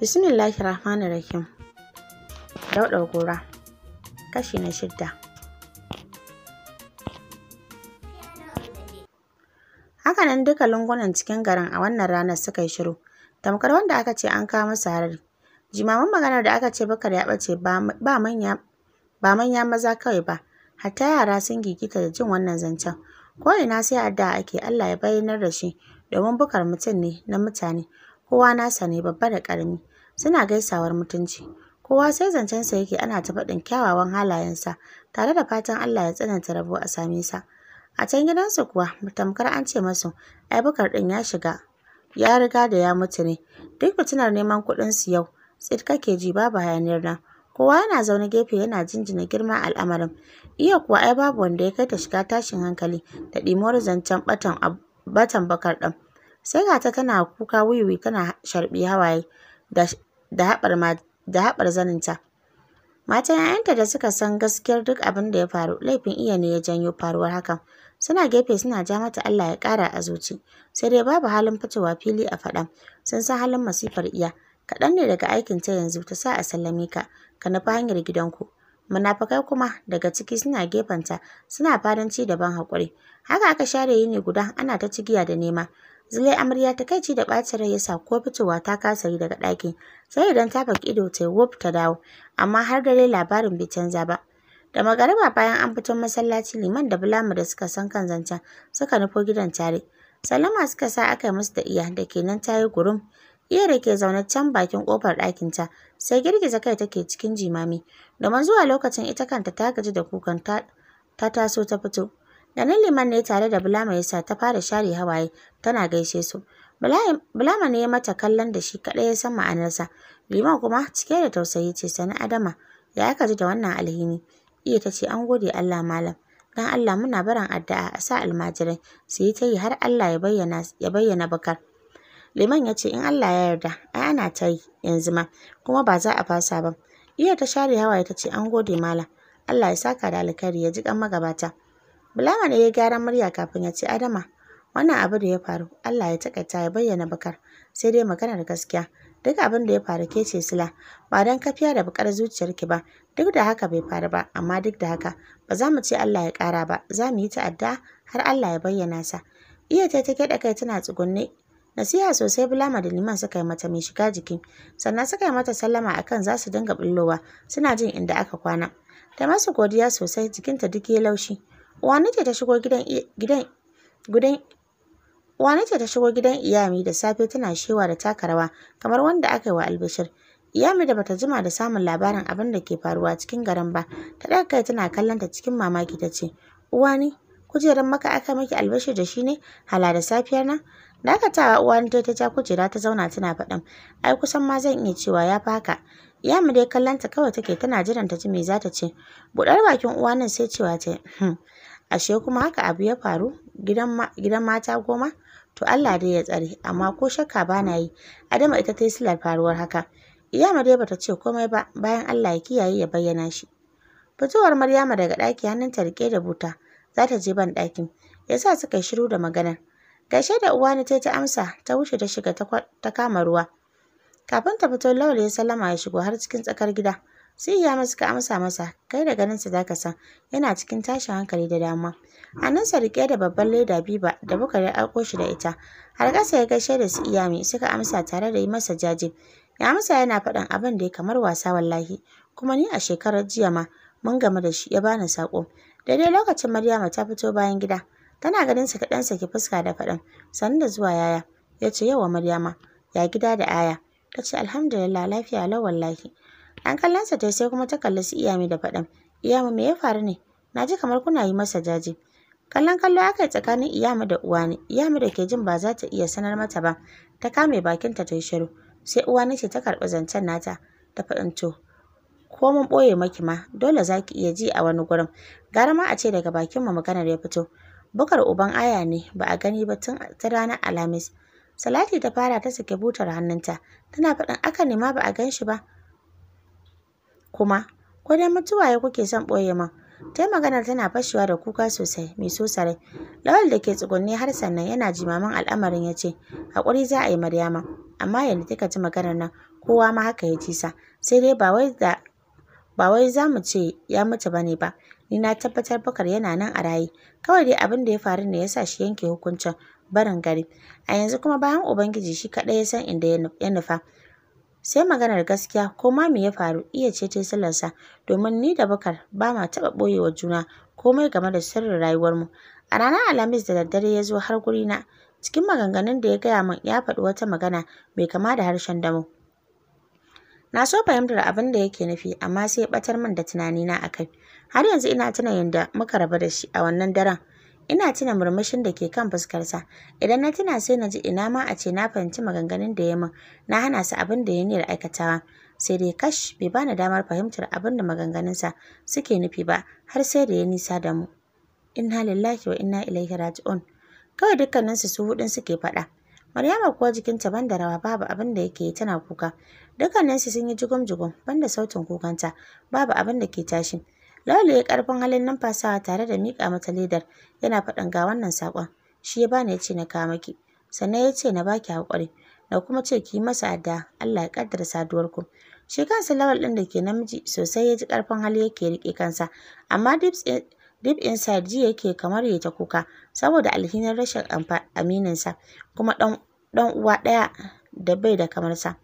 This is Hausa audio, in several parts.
Bismillahir Rahmanir Rahim. Daudar gora. Kashi na shidda. Haka nan duka lungunan cikin garin a wannan ranar suka yi shiru. Tamkar wanda aka ce an kawo masa harari. Jimamin maganar da aka ce bakar ya bace ba manya maza kawai ba. Hatta yara sun gigita da jin wannan zancen. Ko ina sai adda ake Allah ya bayyanar da shi domin bukar mutum ne na mutane. Kowa nasa ne babba da karami. suna gaisawar mutunci kowa sai zancensa yake ana ta faɗin kyawawan halayensa tare da fatan Allah ya tsananta rabo a same sa a can gidansu kuwa tamkar an ce masu ai bukar ɗin ya shiga ya riga da ya mutu ne duk fitinar neman kuɗinsu yau tsit kake ji babu hayaniyar nan kowa yana zaune gefe yana jinjina girma al'amarin iya kuwa ai babu wanda ya kai ta shiga tashin hankali da ɗimuwar zancen batan bakar ɗin sai ga ta tana kuka wiwi tana sharɓi hawaye da da haɓar zaninta. Matan 'ya'yanta da suka san gaskiyar duk abin da ya faru laifin iya ne ya janyo faruwar hakan. Suna gefe suna ja mata Allah ya ƙara a zuci. Sai dai babu halin fitowa fili a faɗa. Sun san halin masifar iya. Kaɗan ne daga aikin ta yanzu ta sa a sallame ka. Ka nufi hanyar gidanku. Munafukai kuma daga ciki suna gefenta suna fadanci da ban haƙuri. Haka aka share yini guda ana ta cigiya da nema. Zulai amarya ta kai ci da ɓacin rai ya sa ko fitowa ta kasa yi daga ɗakin sai idan ta faki ido ta yi wuf ta dawo amma har dare labarin bai canza ba. Da magariba bayan an fito masallaci liman da bulamu da suka san kan zancen suka nufo gidan tare. Salama suka sa aka yi musu da iya da kenan ta yi gurum. Iya da ke zaune can bakin kofar ta sai girgiza kai take cikin jimami domin zuwa lokacin ita kanta ta gaji da kukan ta taso ta fito. Da liman ne tare da Bulama ya sa ta fara share hawaye tana gaishe su. Bulama ne ya mata kallon da shi kaɗai ya san ma'anarsa. Liman kuma cike da tausayi ce sani Adama ya aka ji da wannan alhini. Iya ta ce an gode Allah malam. Dan Allah muna barin addu'a a sa almajirai su yi ta yi har Allah ya bayyana ya bayyana bakar. Liman ya ce in Allah ya yarda ai ana ta yi yanzu ma kuma ba za a fasa ba. Iya ta share hawaye ta ce an gode malam. Allah ya saka da alkhairi ya ji kan magabata. Bulama ne ya gyaran murya kafin ya ce Adama wannan abu da ya faru Allah ya takaita ya bayyana bakar sai dai maganar gaskiya duk abin da ya faru ke ce sila ba don kafiya da bakar zuciyarki ba duk da haka bai faru ba amma duk da haka ba za mu ce Allah ya kara ba za mu yi ta'adda har Allah ya bayyana sa iya ta ta kyaɗa kai tana tsugunne nasiha sosai bulama da liman suka yi mata mai shiga jiki sannan suka yi mata sallama akan za su dinga bullowa suna jin inda aka kwana ta masa godiya sosai jikinta duk ya laushi wani ce ta shigo gidan iyami da safe tana shewa da taka rawa kamar wanda aka yi wa albishir iyami da bata jima da samun labarin abin da ke faruwa cikin garin ba ta ɗaga kai tana kallon ta cikin mamaki ta ce uwani kujerar maka aka miki albishir da shi ne hala da safiyar nan dakatawa uwani ta ta ja kujera ta zauna tana faɗan ai kusan ma zan iya cewa ya fi haka iyami dai kallonta kawai take tana jiran ta ji me za ta ce. Buɗar bakin uwanin sai cewa ta hmm, ashe kuma haka abu ya faru gidan mata goma to Allah dai ya tsare amma ko shakka ba na yi Adama ita ta yi silar faruwar haka Iyama dai bata ce komai ba bayan Allah ya kiyaye ya bayyana shi fitowar Maryama daga ɗaki ta rike da buta za ta je ban ɗakin yasa suka yi shiru da magana. gaishe da uwani tai ta amsa ta wuce ta shiga ta kama ruwa kafin ta fito Lawal ya sallama ya shigo har cikin tsakar gida sai ya masu ka amsa masa kai da ganin za ka san yana cikin tashin hankali da dama sa rike da babban leda biba da ya alko shi da ita har ƙasa ya gaishe da su iyami suka amsa tare da yi masa jaje ya amsa yana faɗan abin da ya kamar wasa wallahi kuma ni a shekarar jiya ma mun game da shi ya bani saƙo daidai lokacin maryama ta fito bayan gida tana ganin sa kaɗan saki fuska da faɗan. Sannan da zuwa yaya yace yawa maryama ya gida da aya tace alhamdulillah lafiya lau wallahi An kallonsa ta sai kuma ta kalli su iyami da faɗan. Iyami me ya faru ne? Na ji kamar kuna yi masa jaji. Kallon kallo aka yi tsakanin iyamu da uwani. Iyamu da ke jin ba za ta iya sanar mata ba. Ta kame bakinta ta yi shiru. Sai uwani ce ta karɓi zancen nata. Ta faɗin to. Ko mun ɓoye maki ma dole za ki iya ji a wani gurin. Gara ma a ce daga bakinmu maganar ya fito. Bukar uban aya ne ba a gani ba tun ta ranar Alhamis. Salati ta fara ta sake butar hannunta. Tana faɗin aka ma ba a gan shi ba. kuma ko dai mutuwa ya kuke son ɓoye min ta maganar tana fashewa da kuka sosai mai so sarai lawal da ke tsugunne har sannan yana jimamin al'amarin ya ce haƙuri za a yi maryama amma yanzu kika ji maganar nan kowa ma haka ya ji sa sai dai ba wai da ba wai za mu ce ya mutu ba ne ba ni na tabbatar bakar yana nan a rayi. kawai dai abin da ya faru ne yasa shi yanke hukuncin barin gari a yanzu kuma bayan ubangiji shi kaɗai ya san inda ya nufa Sai maganar gaskiya ko ma me ya faru iya ce ta sallarsa domin ni da bakar ba ma taɓa ɓoyewa juna komai game da sirrin rayuwarmu. A ranar Alhamis da daddare ya zo har gurina. Cikin maganganun da ya gaya min ya faɗi wata magana mai kama da harshen damo. Na so fahimtar abin da yake nufi amma sai ya ɓatar min da tunanina a kai. Har yanzu ina tuna da muka rabu da shi a wannan daren. Ina tuna murmushin da ke kan fuskarsa. Idan na tuna sai na ji ina ma a ce na fahimci maganganun da ya min, na hana su abin da ya niyar aikatawa. Sai dai kash bai bani damar fahimtar abin da maganganunsa suke nufi ba har sai da ya nisa da mu. Inna lillahi wa inna ilaihi raji'un. Kawai dukkaninsu su hudun suke faɗa. Maryama kuwa jikinta ban da rawa babu abin da yake tana kuka. Dukkaninsu sun yi jigum-jigum ban da sautin kukanta babu abin da ke tashi. Lalo ya karfin halin numfasawa tare da miƙa mata ledar yana faɗin ga wannan saƙon. Shi ya bani ya ce na kawo maki. Sannan ya ce na baki hakuri Na kuma ce ki yi masa adda Allah ya kaddara saduwar ku Shi kansa lawal ɗin da ke namiji sosai ya ji ƙarfin hali yake rike kansa. Amma deep inside ji yake kamar ya ta kuka saboda alhinin rashin amininsa kuma dan uwa ɗaya da bai da kamar sa.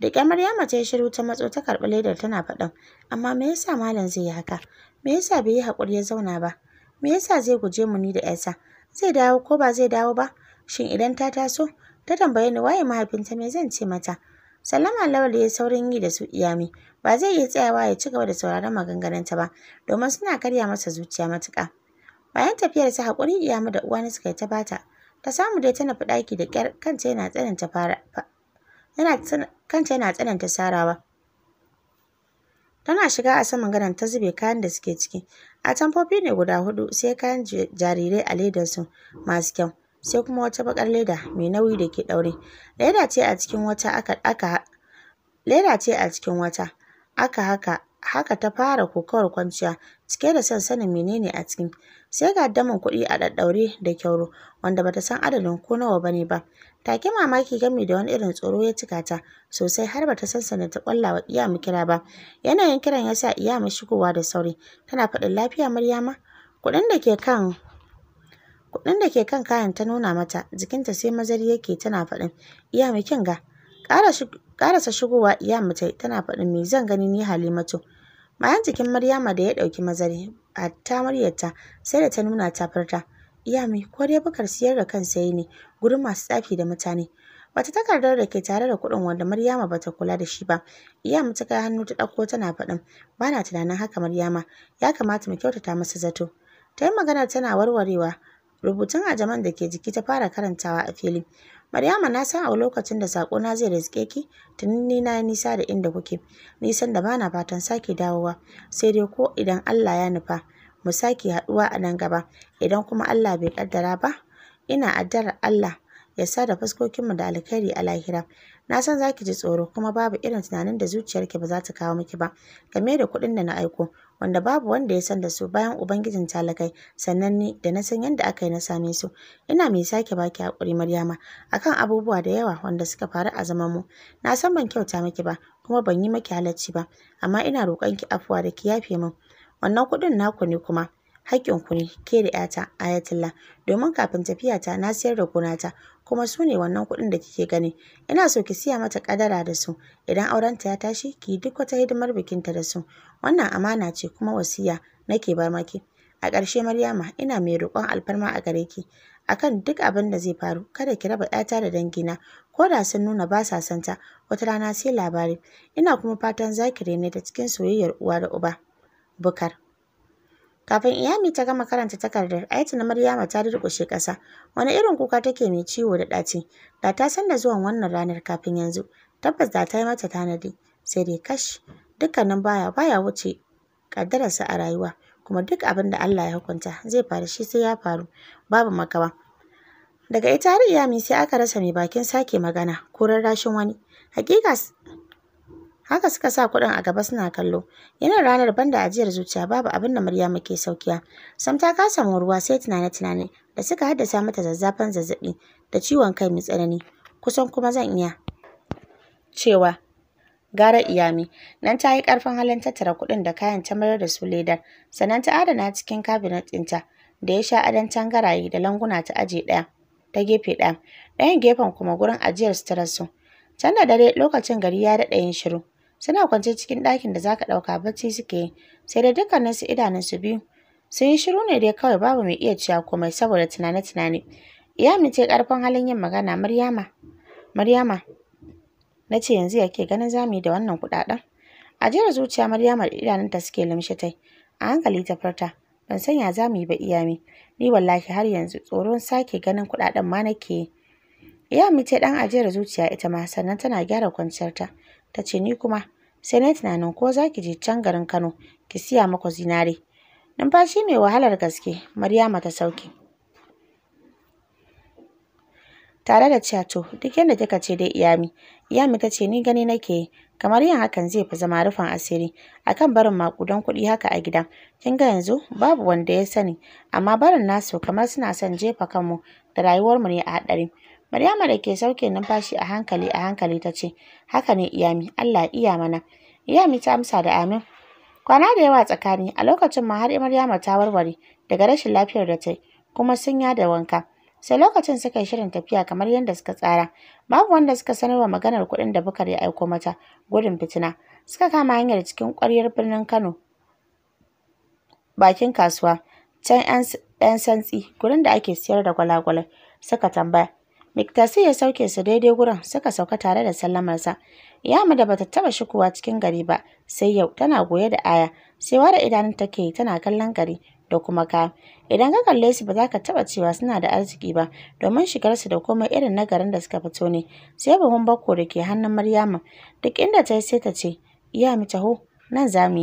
Da ƙyar Maryama ta yi shiru ta matso ta karɓi ledar tana faɗin, amma me yasa malam zai yi haka? Me yasa bai yi haƙuri ya zauna ba? Me yasa zai guje mu ni da ‘yarsa? Zai dawo ko ba zai dawo ba? Shin idan ta taso? Ta tambaye ni waye mahaifinta me zan ce mata? Salama, Lawal ya saurin yi da su iyami, ba zai iya tsayawa ya ci gaba da sauraron maganganunta ba, domin suna karya masa zuciya matuƙa. Bayan tafiyarsa haƙuri iyami da uwa uwani suka yi ta bata, ta samu dai ta fi ɗaki da ƙyar kanta yana tsananta fara yana kanta yana tsananta sarawa tana shiga a saman gadon ta zube kayan da suke ciki a tamfofi ne guda hudu sai kayan jarirai a ledarsu masu kyau sai kuma wata bakar leda mai nauyi da ke daure leda ce a cikin wata aka haka ta fara kokawar kwanciya cike da son sanin menene a cikin sai ga daman kuɗi a ɗaɗɗaure da kyauro wanda bata san adadin ko nawa ba ne ba take mamaki gami da wani irin tsoro ya cika ta sosai har bata san sanin ta kwallawa wa iyamu kira ba yanayin kiran ya sa iyamu shigowa da sauri tana faɗin lafiya maryama kuɗin da ke kan kuɗin da ke kan kayan ta nuna mata jikinta sai mazari yake tana faɗin iyamu kin ga ƙarasa shigowa iyamu tai tana faɗin me zan gani ni halimatu Bayan jikin Maryama da ya ɗauki mazari, ta muryarta sai da ta nuna ta furta. mai ko dai bukar siyar da kan sai ne gurin masu tsafi da mutane. Wata takardar da ke tare da kuɗin wanda Maryama bata kula da shi ba. Iya ta kai hannu ta ɗauko tana faɗin, Bana tunanin haka Maryama, ya kamata mu kyautata masa zato. Ta yi magana tana warwarewa, rubutun ajaman da ke jiki ta fara karantawa a fili. Maryama na san a lokacin da sako na zai riske ki tuni ni na nisa da inda kuke nisan da bana fatan sake dawowa sai dai ko idan Allah ya nufa mu sake haduwa a nan gaba idan kuma Allah bai kaddara ba ina addu'ar Allah ya sa da mu da alkhairi a lahira na san zaki ji tsoro kuma babu irin tunanin da zuciyarki ba za ta kawo miki ba game da kuɗin da na aiko wanda babu wanda ya san da su bayan ubangijin talakai sannan ni da na san yadda aka yi na same su ina mai sake baki hakuri maryama akan abubuwa da yawa wanda suka faru a zaman mu na san ban kyauta maki ba kuma ban yi maki halacci ba amma ina roƙon ki afuwa da ki yafe min wannan kuɗin naku ne kuma hakkin ku ne ke da ‘yata Ayatollah domin kafin tafiya ta na siyar da gona ta. kuma su ne wannan kuɗin da kike gani. Ina so ki siya mata ƙadara da su idan aurenta ya tashi ki yi duk wata hidimar bikinta da su. Wannan amana ce kuma wasiya nake bar maki. A ƙarshe Maryama ina mai roƙon alfarma a gare ki akan duk abin da zai faru kada ki raba ‘yata da dangina ko da sun nuna ba sa son wata rana sai labari ina kuma fatan za ki rene ta cikin soyayyar uwa da uba. Bukar Kafin Iyami ta gama karanta takardar, na Maryama ta durƙushe ƙasa. Wani irin kuka take mai ciwo da ɗaci. Da ta san da zuwan wannan ranar kafin yanzu, tabbas da ta yi mata tanadi. Sai dai kash, dukkanin baya baya wuce ƙaddararsa a rayuwa. Kuma duk abin da Allah ya hukunta zai faru shi sai ya faru. Babu makawa. Daga ita har Iyami sai aka rasa mai bakin sake magana ko rarrashin wani. Hakika Haka suka sa kuɗin a gaba suna kallo. Yana ranar banda ajiyar zuciya babu abin da Maryamu ke saukiya. Sam ta kasa ruwa sai tunane-tunane da suka haddasa mata zazzafan zazzaɓi da ciwon kai mai tsanani. Kusan kuma zan iya cewa gara iyami. Nan ta yi ƙarfin halin tattara kuɗin da kayan ta mayar da su ledar, sannan ta adana cikin kabinet ɗinta da ya sha adon tangaraye da languna ta aje ɗaya ta gefe ɗaya, ɗayan gefen kuma gurin ajiyar su ta rasu. Can da dare lokacin gari ya daɗa yin shiru, Suna kwance cikin ɗakin da zaka ɗauka bacci suke yi, sai dai dukkaninsu idanunsu biyu. Sun yi shiru ne dai kawai babu mai iya cewa komai saboda tunane-tunane. ya ce ƙarfin halin yin magana Maryama. Maryama, na ce yanzu yake ganin za mu yi da wannan kuɗaɗen. A jiyar zuciya Maryama da idanunta suke limshitai tai. A hankali ta farta, ban san ya za mu yi ba iyami. Ni wallahi har yanzu tsoron sake ganin kuɗaɗen ma nake yi. Iyami ɗan ajiyar zuciya ita ma sannan tana gyara kwanciyarta. Ta ce ni kuma sai na yi tunanin ko za ki je can garin Kano ki siya mako zinare. Numfashi mai wahalar gaske Maryama ta sauke. Tare da cewa to duk yadda kika ce dai iyami, iyami ta ce ni gani nake kamar yin hakan zai fi zama rufin asiri akan barin makudan kuɗi haka a gida. Kin ga yanzu babu wanda ya sani amma barin nasu kamar suna son jefa kanmu da rayuwarmu ne a haɗari. Maryama da ke sauke numfashi a hankali a hankali ta ce, Haka ne iyami, Allah iya mana. Iyami ta amsa da amin. Kwana da yawa tsakani, a lokacin ma har Maryama ta warware daga rashin lafiyar da ta kuma sun ya da wanka. Sai lokacin suka yi shirin tafiya kamar yadda suka tsara, babu wanda suka sanarwa maganar kuɗin da Bukar ya aiko mata gudun fitina. Suka kama hanyar cikin ƙwaryar birnin Kano, bakin kasuwa, can 'yan santsi, gurin da ake siyar da gwalagwalai, suka tambaya. Miktasi ya sauke su daidai gurin suka sauka tare da sallamarsa. Yama da bata taba shikuwa cikin gari ba sai yau tana goye da aya sai ware idanun take tana kallon gari da kuma ka. Idan ka kalle su ba za ka taba cewa suna da arziki ba domin shigar su da komai irin na garin da suka fito ne. Sai buhun bakko da ke hannun Maryama duk inda ta yi sai ta ce iya mu taho nan za mu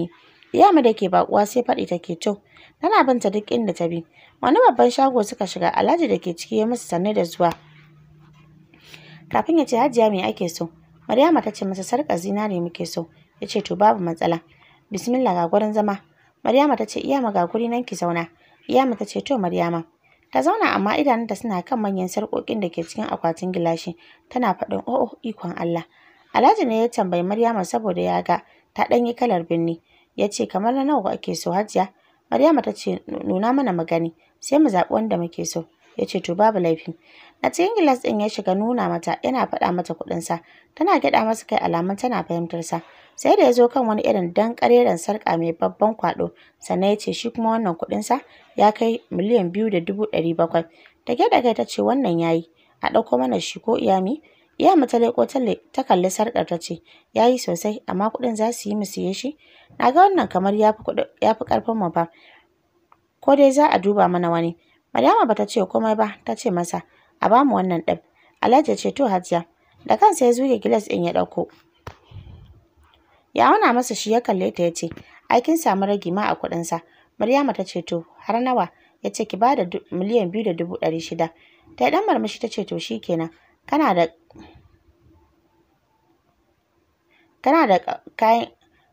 yi. mu da ke bakuwa sai faɗi take to tana binta duk inda ta bi. Wani babban shago suka shiga Alhaji da ke ciki ya musu sanne da zuwa. kafin ya ce hajiya me ake so maryama ta ce masa sarƙar zinare muke so ya ce to babu matsala bismillah ga gurin zama maryama ta ce iyama ga guri nan ki zauna iyama ta ce to maryama ta zauna amma idanunta suna kan manyan sarƙoƙin da ke cikin akwatin gilashi tana faɗin o'o oh, oh, ikon Allah Alhaji ne ya tambayi Maryama saboda ya ga ta ɗan yi kalar birni. ya ce kamar na nawa ake so hajiya Maryama ta ce nuna mana magani sai mu zaɓi wanda muke so ya ce to babu laifi a cikin gilas din ya shiga nuna mata yana faɗa mata sa tana gyaɗa masa kai alamun tana fahimtar sa sai da ya zo kan wani irin dan ƙareren sarka mai babban kwaɗo sannan ya ce shi kuma wannan sa ya kai miliyan biyu da dubu ɗari bakwai ta gyaɗa kai ta ce wannan yayi a ɗauko mana shi ko iyami iyami ta talle" ta kalli sarƙar ta ce ya sosai amma kuɗin za su yi mu siye shi na ga wannan kamar ya fi karfin mu fa ko dai za a duba mana wani Maryama bata ce komai ba, ta ce masa, "A bamu wannan ɗin." Alhaji ce to Hajiya. Da kansa ya zuge gilas ɗin ya ɗauko. Ya auna masa shi ya kalle ta ya ce, "Ai kin samu ragi ma a kuɗin sa." Maryama ta ce to, "Har nawa?" Ya ce ki bada miliyan biyu da dubu ɗari shida. Ta ɗan marmashi ta ce to kenan Kana da kana da kayan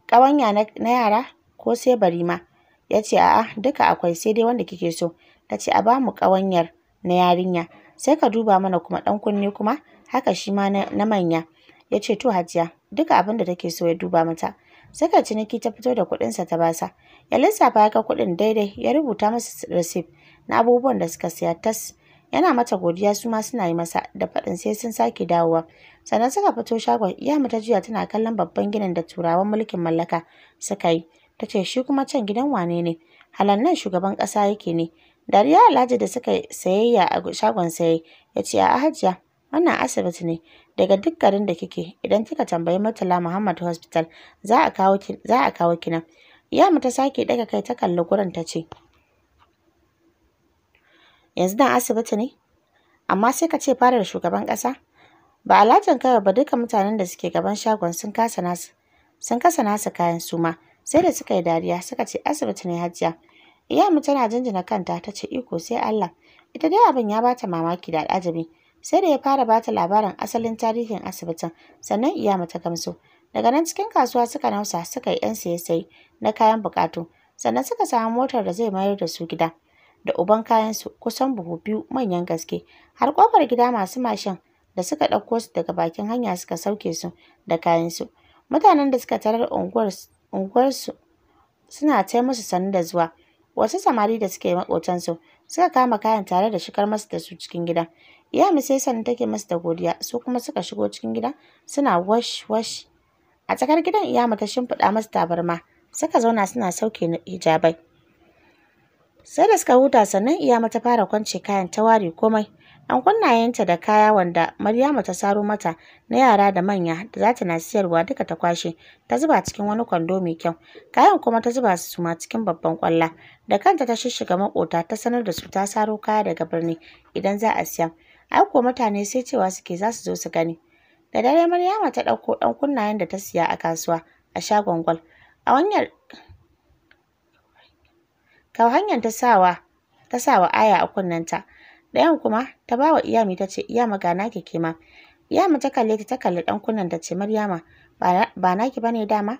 ƙawanya na yara ko sai bari ma? Ya ce a'a duka akwai sai dai wanda kike so. ka ce a bamu ƙawanyar na yarinya sai ka duba mana kuma ɗan kunne kuma haka shi ma na manya ya ce to hajiya duka abin da take so ya duba mata Sai ka ciniki ta fito da sa ta basa ya lissafa ya kai kuɗin daidai ya rubuta masa receipt na abubuwan da suka siya tas yana mata godiya su ma suna yi masa da faɗin sai sun sake dawowa sannan suka fito shagon iyamu mata jiya tana kallon babban ginin da turawan mulkin mallaka suka yi ta ce shi kuma can gidan wane ne halan nan shugaban ƙasa yake ne Dariya Alhaji da suka sayayya a shagon sayayya ya ce a hajiya wannan asibiti ne daga duk garin da kike idan kika tambayi Murtala Muhammad Hospital za a kawo ki za a nan. Yamu ta sake daga kai ta kalli gurin ta ce yanzu nan asibiti ne amma sai ka ce da shugaban ƙasa ba alhajin kawai ba duka mutanen da suke gaban shagon sun kasa nasu sun kasa nasu kayan suma sai da suka yi dariya suka ce asibiti ne hajiya Iyamu tana jinjina kanta ta ce iko sai Allah. Ita dai abin ya bata mamaki da al'ajabi. Sai da ya fara bata labarin asalin tarihin asibitin, sannan Iyamu ta gamsu. Daga nan cikin kasuwa suka nausa suka yi 'yan siye saye na kayan bukatu, sannan suka samu motar da zai mayar da su gida. Da uban kayansu kusan buhu biyu manyan gaske, har kofar gida masu mashin da suka ɗauko su daga bakin hanya suka sauke su da kayansu. Mutanen da suka tarar unguwarsu suna taimaka musu sannu da zuwa, wasu samari da suke maƙotansu suka kama kayan tare da shigar masu da su cikin gida iya sai sanin take masu da godiya su kuma suka shigo cikin gida suna wash wash a tsakar gidan mu ta shimfiɗa masu tabarma suka zauna suna sauke hijabai sai da suka huta sannan mu ta fara kwance kayan ta ware komai Ɗan kunnayenta da kaya wanda Maryama ta saro mata na yara da manya da za ta na siyarwa duka ta kwashe ta zuba cikin wani kwando mai kyau. Kayan kuma ta zuba su suma cikin babban kwalla. Da kanta ta shishiga makota ta sanar da su ta saro kaya daga birni idan za a siya. Ai kuwa mutane sai cewa suke za su zo su gani. Da dare Maryama ta ɗauko ɗan kunnayen da ta siya a kasuwa a shagon gwal. A wanyar hanyar ta sawa ta sawa aya a kunnenta. Ɗayan kuma ta bawa Iyami ta ce Iyama ga naki ke ma. Iyama ta kalle ta ta ɗan kunnen ta ce Maryama ba naki ba bane dama.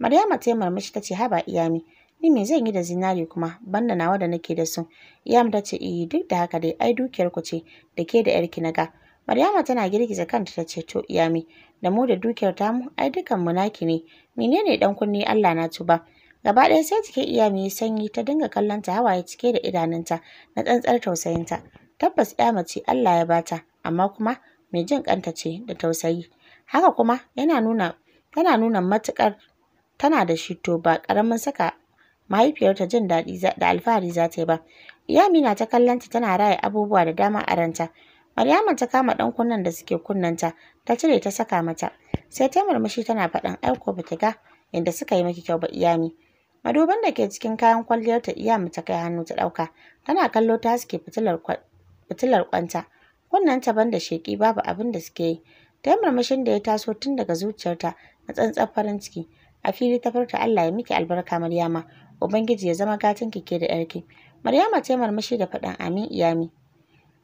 Maryama ta yi murmushi ta ce haba Iyami ni me zan yi da zinari kuma banda nawa da nake da su. Iyama ta ce eh duk da haka dai ai dukiyar ku ce da ke da yarki na ga. Maryama tana girgiza kanta ta ce to Iyami da mu da dukiyar tamu ai dukan mu naki ne menene dan kunne Allah na tuba. Gaba ɗaya sai cikin Iyami sanyi ta dinga kallon ta hawaye cike da idanunta na tsantsar tausayinta. Tabbas ‘ya mace Allah ya bata amma kuma mai jin ƙanta ce da tausayi. Haka kuma yana nuna yana nuna matuƙar tana da shi to ba ƙaramin saka mahaifiyarta jin daɗi da alfahari za ta yi ba. Iyamina ta kallonta tana raya abubuwa da dama a ranta. Maryama ta kama ɗan kunnen da suke kunnenta ta cire ta saka mata. Sai ta murmushi tana faɗan aiko ko ba ga inda suka yi miki kyau ba iyami. Maduban da ke cikin kayan kwalliyarta iyami ta kai hannu ta ɗauka. Tana kallo ta haske fitilar fitilar kwanta wannan ta banda sheki babu abin da suke yi ta murmushin da ya taso tun daga zuciyarta na tsantsar farin ciki a fili ta farta Allah ya miki albarka Maryama ubangiji ya zama gatin ki ke da yarki Maryama ta murmushi da faɗin, amin iyami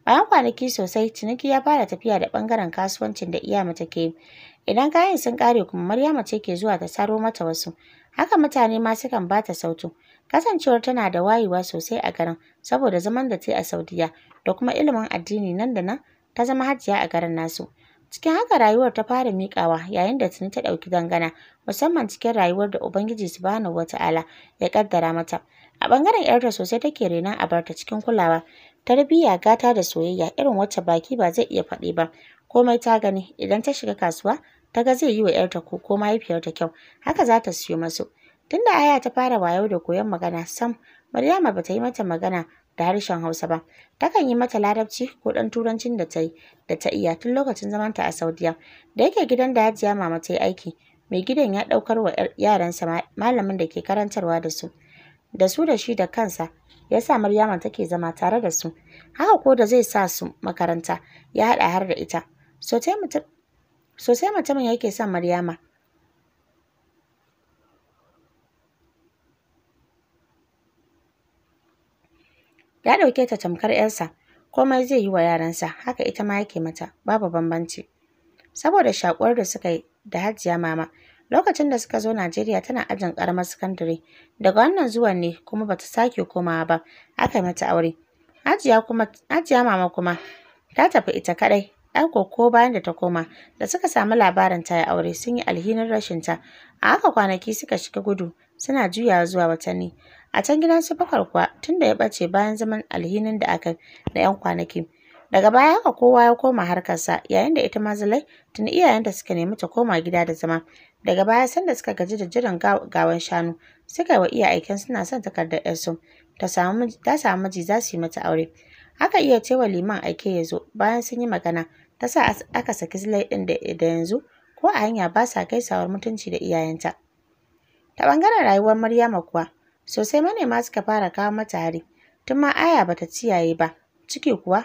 bayan kwanaki sosai ciniki ya fara tafiya da bangaren kasuwancin da iyama take yi idan kayan sun kare kuma Maryama ce ke zuwa ta saro mata wasu haka mutane ma sukan bata sautu Kasancewar tana da wayewa sosai a garin saboda zaman da ta a Saudiyya da kuma ilimin addini nan da nan ta zama hajiya a garin nasu. Cikin haka rayuwar ta fara miƙawa yayin da tuni ta ɗauki gangana, musamman cikin rayuwar da Ubangiji Subhanahu wa ta'ala ya ƙaddara mata. A ɓangaren 'yarta sosai take renon Abarta cikin kulawa, tarbiyya, gata da soyayya irin wacce baki ba zai iya faɗi ba. Komai ta gani, idan ta shiga kasuwa ta ga zai yi wa 'yarta ko mahaifiyarta kyau, haka za ta siyo masu. Tunda Aya ta fara wayo da koyon magana sam, Maryama bata yi mata magana da harshen Hausa ba. Takan yi mata Larabci ko ɗan Turancin da ta yi da ta iya tun lokacin zamanta a Saudiya. Da yake gidan da Hajiya Mama ta yi aiki, mai gidan ya ɗaukar wa yaransa malamin da ke karantarwa da su. Da su da shi da kansa ya sa Maryama take zama tare da su. Haka ko da zai sa su makaranta ya haɗa har da ita. Sosai mutumin yake son Maryama Ya ɗauke ta tamkar ‘yarsa, komai zai yi wa yaransa, haka ita ma yake mata, babu bambanci. Saboda shakuwar da suka yi da Hajiya Mama, lokacin da suka zo Najeriya tana ajin ƙaramar sakandare, daga wannan zuwan ne kuma bata sake komawa ba, aka yi mata aure. Hajiya Mama kuma ta tafi ita kaɗai, aiko ko bayan da ta koma da suka samu labarin ta yi aure sun yi alhinin rashin ta. A haka kwanaki suka shiga gudu suna juyawa zuwa watanni. A can gidan su Bakar kuwa tunda ya bace bayan zaman alhinin da aka na 'yan kwanaki. Daga baya haka kowa ya koma harkarsa yayin da ita ma Zulai tuni iyayenta suka nemi ta koma gida da zama. Daga baya sanda suka gaji da jiran gawan shanu suka yi wa iya aikin suna son takardar 'yarsu. Ta samu miji za su yi mata aure. Aka iya cewa liman aike ya zo bayan sun yi magana ta sa aka saki zilai ɗin da yanzu ko a hanya ba sa gaisawar mutunci da iyayenta. Ta ɓangaren rayuwar Maryama kuwa sosai manema suka fara kawo mata hari tun ma aya bata ciyaye ba ciki kuwa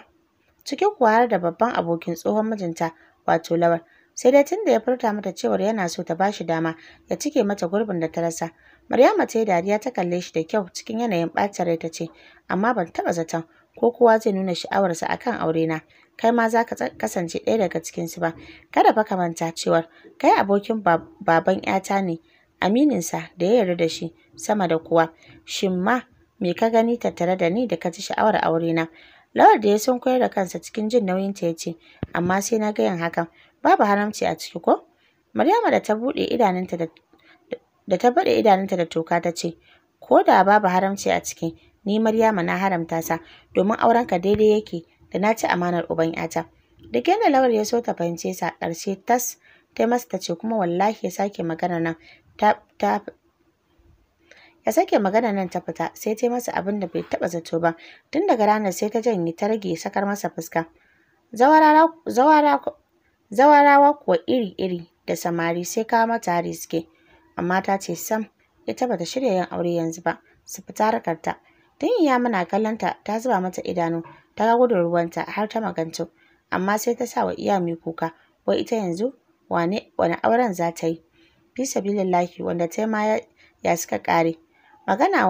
ciki kuwa har da babban abokin tsohon mijinta wato lawal sai dai da ya furta mata cewar yana so ta bashi dama ya cike mata gurbin da ta rasa Maryama ta yi dariya ta kalle shi da kyau cikin yanayin ɓacin rai ta ce amma ban taɓa zaton ko kowa zai nuna sha'awarsa akan aurena kai ma za ka kasance ɗaya daga cikinsu ba kada fa ka manta cewar kai abokin baban 'yata ne amininsa da ya yarda da shi sama da kowa. Shin ma me ka gani tattare da ni da ka ji sha'awar aure na? Lawal da ya san koyar da kansa cikin jin nauyinta ya ce, amma sai na ga yin hakan, babu haramci a ciki ko? Maryama da ta buɗe idanunta da da ta bade idanunta da toka ta ce, ko da babu haramci a ciki, ni Maryama na haramta sa, domin aurenka daidai yake da na ci amanar uban ‘yata. Duk yadda Lawal ya so ta fahimce sa ƙarshe tas ta masa ta ce kuma wallahi ya sake magana nan ta ya sake magana nan ta fita sai ta masa abin da bai taɓa zato ba tun daga ranar sai ta janye ta rage sakar masa fuska zawarawa kuwa iri-iri da samari sai kawo mata hari suke amma ta ce sam ita bata shirya yin aure yanzu ba su fita rakarta tun ya muna kallonta ta zuba mata idanu ta ga gudun ruwanta har ta maganto amma sai ta sa wa iya mai kuka wai ita yanzu wane auren za ta yi fi sabilillahi wanda ta ma ya suka kare magana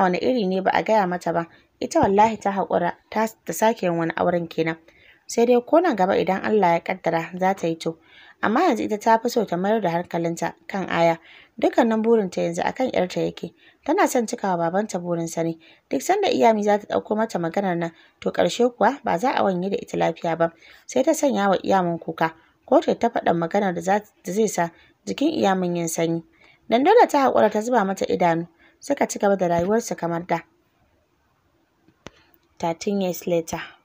wani iri ne ba a gaya mata ba ita wallahi ta haƙura ta sake yin wani auren kenan sai dai ko nan gaba idan Allah ya kaddara za ta yi to amma yanzu ita ta fi so ta mayar da hankalinta kan aya dukkanin burinta yanzu akan yarta yake tana son cikawa babanta burin ne duk sanda iyami za ta ɗauko mata maganar nan to ƙarshe kuwa ba za a wanye da ita lafiya ba sai ta sanya wa iyamin kuka Kotu ta faɗan magana da zai sa jikin iyamin yin sanyi. Dan dole ta haƙura ta zuba mata idanu suka ci gaba da rayuwarsa kamar da. 13 years later.